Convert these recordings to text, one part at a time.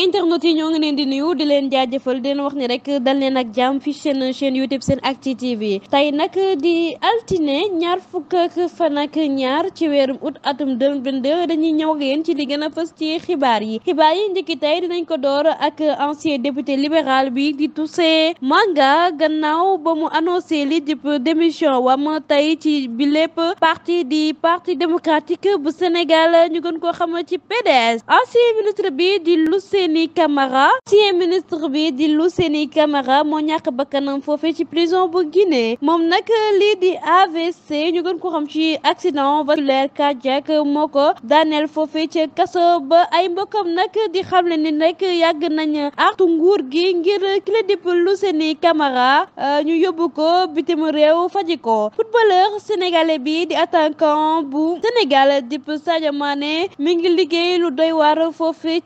internet yi ñoo ngi leen di nuyu di leen jaajëfal di leen wax ni rek dal leen ak jàmm fi seen chaîne youtube seen acti tv tey nag di altine ñaar fukk ak fan ak ñaar ci weerum août atum 2022 dañuy ñëw ak yéen ci li gën a fës ci xibaar yi xibaar yi njëkki tey dinañ ko door ak ancien député libéral bi di Toussaint Manga gannaaw ba mu annoncé li dip démission wam tey ci bi lépp parti di parti démocratique bu senegal ñu gën ko xam ci PDS ancien ministre di Ouseyni Camara ministre bi di Ouseyni Camara moo ñàkk bakkanam foofe ci prison bu Guinée moom nag lii di AVC ñu gën ko xam ci accident vasculaire cardiaque moo ko daaneel foofe ci kaso ba ay mbokkam nag di xamle ni rek yàgg nañ artu nguur gi ngir kile di Ouseyni Camara euh, ñu yóbbu ko bitim réew faji ko footballeur bi di attaquant bu Sénégal di Sadio mi ngi liggéey lu doy waar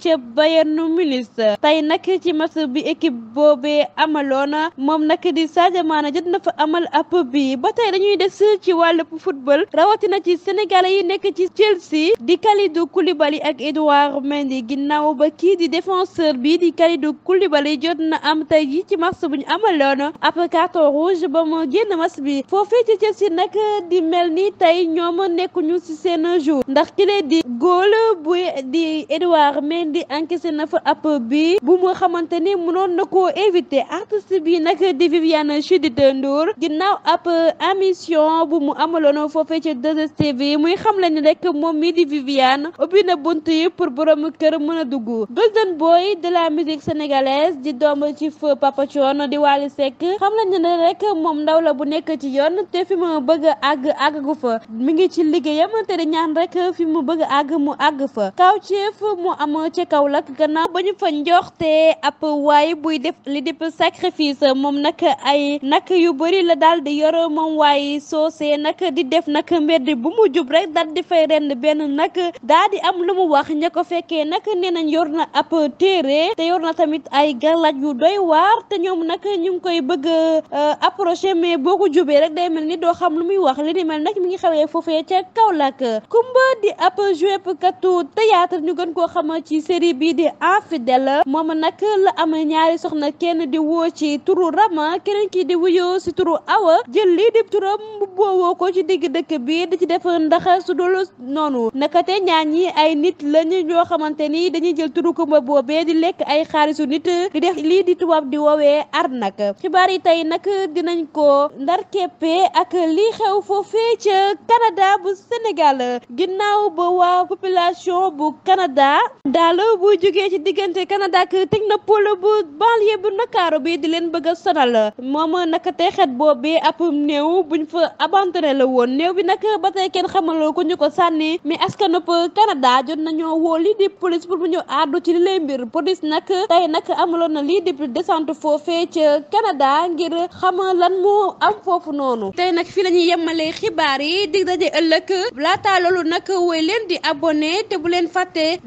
ca Bayern ministre tey nag ci match bi équipe boobee amaloon moom nag di Sadio Mané jot na fa amal app bi ba tey dañuy des ci wàllu football rawatina ci sénégalais yi nekk ci Chelsea di Kalidou Koulibaly ak Edouard Mendy ginnaaw ba kii di défenseur bi di Kalidou Koulibaly jot na am tey ji ci match bu ñu amaloon ab carton rouge ba mu génn match bi foofee ci Chelsea nag di mel ni tey ñoom nekkuñu ci seen jour ndax ki di góol bu di Edouard Mendy encaissé na ab bi bu mu xamante ni mënoon na koo invité artiste bi nag di Viviane Chidid Ndour ginnaaw ab amision bu mu amaloon foofee ci 2STV muy xam la ni rek moom mii di Viviane ubbi na bunt yi pour borom kër mën a dugg golden boy de la musique sénégalaise di doom ci feu Papa Thione di Wally Seck xam la ni rek moom ndaw la bu nekk ci yoon te fi mu bëgg àgg àggu fa mi ngi ci liggéeyam te di ñaan rek fi mu bëgg àgg mu àgg fa kaw ceef mu am ci Kaolack gannaaw ba ñu fa njoxtee ab waay buy def li dip sacrifice moom nag ay nag yu bëri la daal di yoro moom waaye soosee nag di def nag mbedd bu mu jub rek dal di fay rend benn nag daa di am lu mu wax ña ko fekkee nag nee nañ yor na ab téere te yor na tamit ay garlaaj yu doy waar te ñoom nag ñu ngi koy bëgg euh, approché mais boo ko jubee rek day mel ni doo xam lu muy wax li di mel nag mi ngi xewee foofee ca Kaolack Kumba di ab joué katu théâtre ñu gën koo xam ci série bii di infidèle moom nag la am ñaari soxna kenn di woo ci turu Rama keneen ki di wuyoo si turu Awa jël lii di turam bu boowoo ko ci digg dëkk bi di ci def ndax su dul noonu nakate ñaar ñi ay nit lañu ñoo xamante ni dañuy jël turu kumba boobee di lekk ay xaalisu nit di def lii di tubaab di ar arnaque xibaar yi tey nag dinañ ko ndar keppe ak lii xew foofee ca Canada bu Sénégal ginnaaw ba waa population bu Canada daal bu jógee ci diggante Canada ak technopole bu banlieue bu Ndakaaru bi di leen bëgg a sonal moom naka tey xet boobu ab néew buñ fa abandonné la woon néew bi nag ba tey kenn xamaloo ko ñu ko sànni mais askanub Canada jot nañoo woo lii di police pour mu ñëw àddu ci li lay mbir police nag tey nag amaloon na lii di descente foofee ca Canada ngir xam lan moo am foofu noonu tey nag fii lañuy ñuy xibaar yi di daje ëllëg laata loolu nag woy leen di abonné te bu leen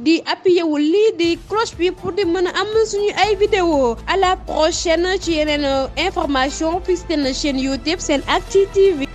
di appuyé wu cloche bi pour di mën a am suñu ay vidéo à la prochaine ci yeneen information fii seen chaîne YouTube SENactu TV